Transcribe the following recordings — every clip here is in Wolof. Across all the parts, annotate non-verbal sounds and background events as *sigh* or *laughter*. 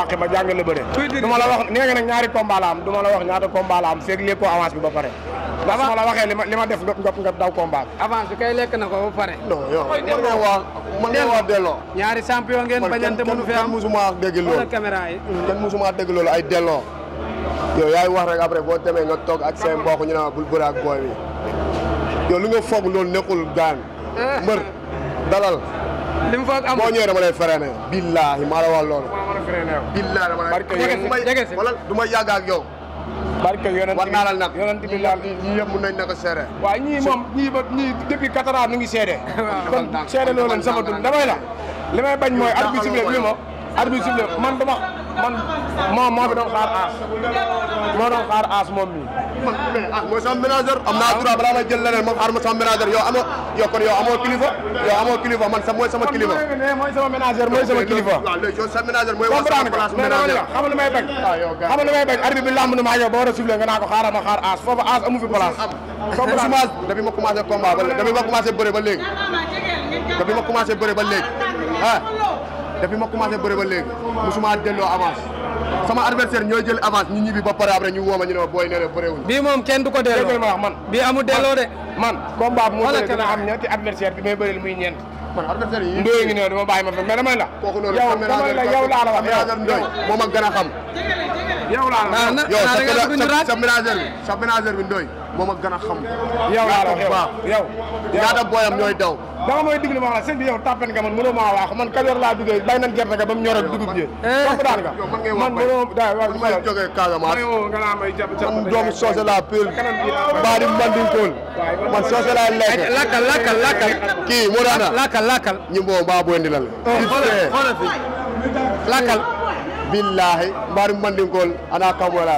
wàqe ma jàngal la bëre du ma wax nee nga nag ñaari combat am du la wax ñaata combat am feeg lépp avance bi ba pare ndax su ma la waxee li ma def ngop ngop daw combat avance bi kay lekk na ko ba pare non yow mën nga waa mën nga waa delloo ñaari champion ngeen bañante mënu fi am musuma dégg mm, ay delloo yow yaay wax rek après boo demee no toog ak seen mbokk ñu naan bul bëre ak booy bi yow lu nga foog loolu nekkul gaan mbër dalal li mu foog am boo ñëwee dama lay feree ne billaahi maa la wax loolu billaay dama lay. jege si ma yàgg ak yow. barke yonent bi war naa la nag yonent bi laal ñii yëpp mën nañ na seere waaw ñii moom ñii ba ñii depuis quatre ans ñu ngi *laughs* kon seede loolu sama tur la li bañ mooy arbitre bi sifflé bi ma arbitre bi sifflé man moom moo fi doon xaar aas moo doon xaar aas moom mi man mais ah mooy sama ménageur am naa droit balaa may jël leneen ma xaar ma sama ménageur yow amoo yow kon yow amoo kilifa yow amoo kilifa man sa mooy sama kilifa mooy sama ménageur mooy sama kilifa sa ménageur mooy wax sa place ménageur xam lu may bañ xam lu may bañ arbitre bi lamb na ma yow ba war a siffler nga naa ko xaaral ma xaar aas foofu aas amu fi place commencé depuis ma commencé combat ba depuis ma commencé bëre ba léegi depuis ma commencé bëre ba léegi ah depuis ma commencé bëre ba léegi musuma delloo avance sama adversaire ñooy jël avance ñu ñibbi ba pare après ñu woo ma ñu ne ma booy nee na bëreewuñu bii moom kenn du ko delloo ma wax man bii amul delloo de man combat moo bëri dina am ñetti adversaire bi may bëreel muy ñeent man adversaire yi ndoye ngi ne dama bàyyi ma fa mais damay la kooku noonu yow damay la yow moom ak gën a xam yow laa la wax yow sa ménagère bi sa ménagère bi a xam yow ñaata booyam ñooy daw dama mooy diglu ma wax la sëñ bi yow tàppen man mënoo laa duggee bay nan gerte ga ba ñor ak dugub ji fop eh. man mënoo daa waaw ma jógee Casamance man soose laa pil baari mandinkool man soose laa lekk lakkal lakkal kii moo daana lakkal lakkal ñu mboo mbaa boy ndilal oh, lakkal billahi mbaari mandinkool ana kamola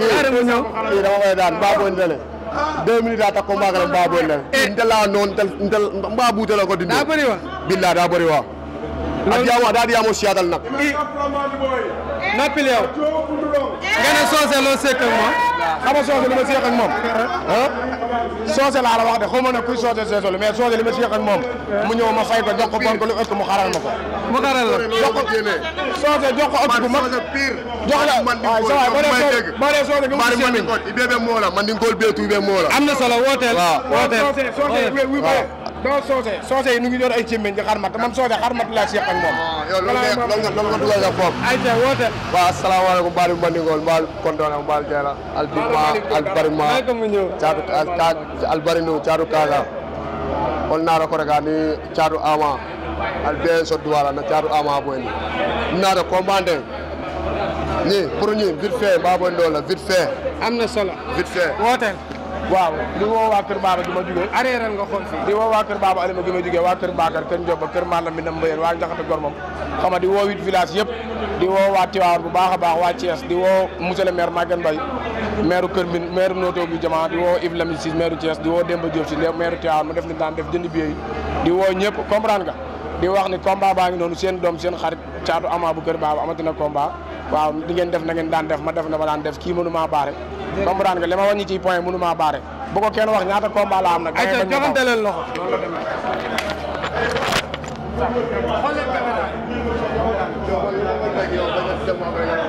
kii dama koy daan mbaa boy ndilal deux minutes daa tax combat nga dem mbaa booy leen. Eh. ntel laa noonu ntel ntel mbaa buute la ko dindi. daa bëri wa. billaa daa bëri wa. ak yaa wax daal di yaamoo siyaatal nag. i eh. noppil yow. nga ne soose loo sekk ak moom. xam nga soose li ma seex ak moom ah soose laa la wax de xaw ma ne kuy soose soose mais soose li ma seex ak moom mu ñëw ma fay ko jox ko bonk lu ëpp mu xaral ma ko mu xaral la jox ko soose jox ko ëpp bu mag jox la waaw sa waay boo dee boo dee soose bi mu seex man di ngóol beetu bee moo la am na solo wooteel wooteel soose soose non soosé soosé yi ñu ngi yor ay jémmeñ nga xarmat man soosé xarmat laa seq ak moom ah, yow loolu nga loolu nga dugal sa bopp ay té wote wa assalamu alaykum baal bandingol baal kontona baal jara al bima al barima ciatu al tag al barino on naro ko rega ah, ni ciatu ama al be so duwala na ciatu ama boy ni naro commandé ni pour ñu vite fait ba boy ndola vite fait amna solo vite fait wotel waaw di woo waa kër baaba gi ma jugee areeral nga xool di waa kër baaba alima gi ma jugee waa kër baakar kër njoba kër malam mi nam mbayeen waa njaxate gor di woo huit village yëpp di woo waa Tivaouane bu baax baax waa Thiès di woo monsieur le maire Maguette Mbaye Kër Mbin maire Noto bi jamaa di woo Yves Lamine Cissé maire Thiès di woo Demba Diop si maire Tivaouane mu def ni daan def jënd biye yi di woo ñëpp comprendre nga di wax ni combat baa ngi noonu seen doom seen xarit caatu ama bu kër baaba amatina combat waaw di ngeen def na ngeen daan def ma def na ma daan def kii maa baare comprendre nga li ma wàññi ci point mënu maa baare bu ko kenn ñaata combat la am nag. ayca joxante leen loxo loolu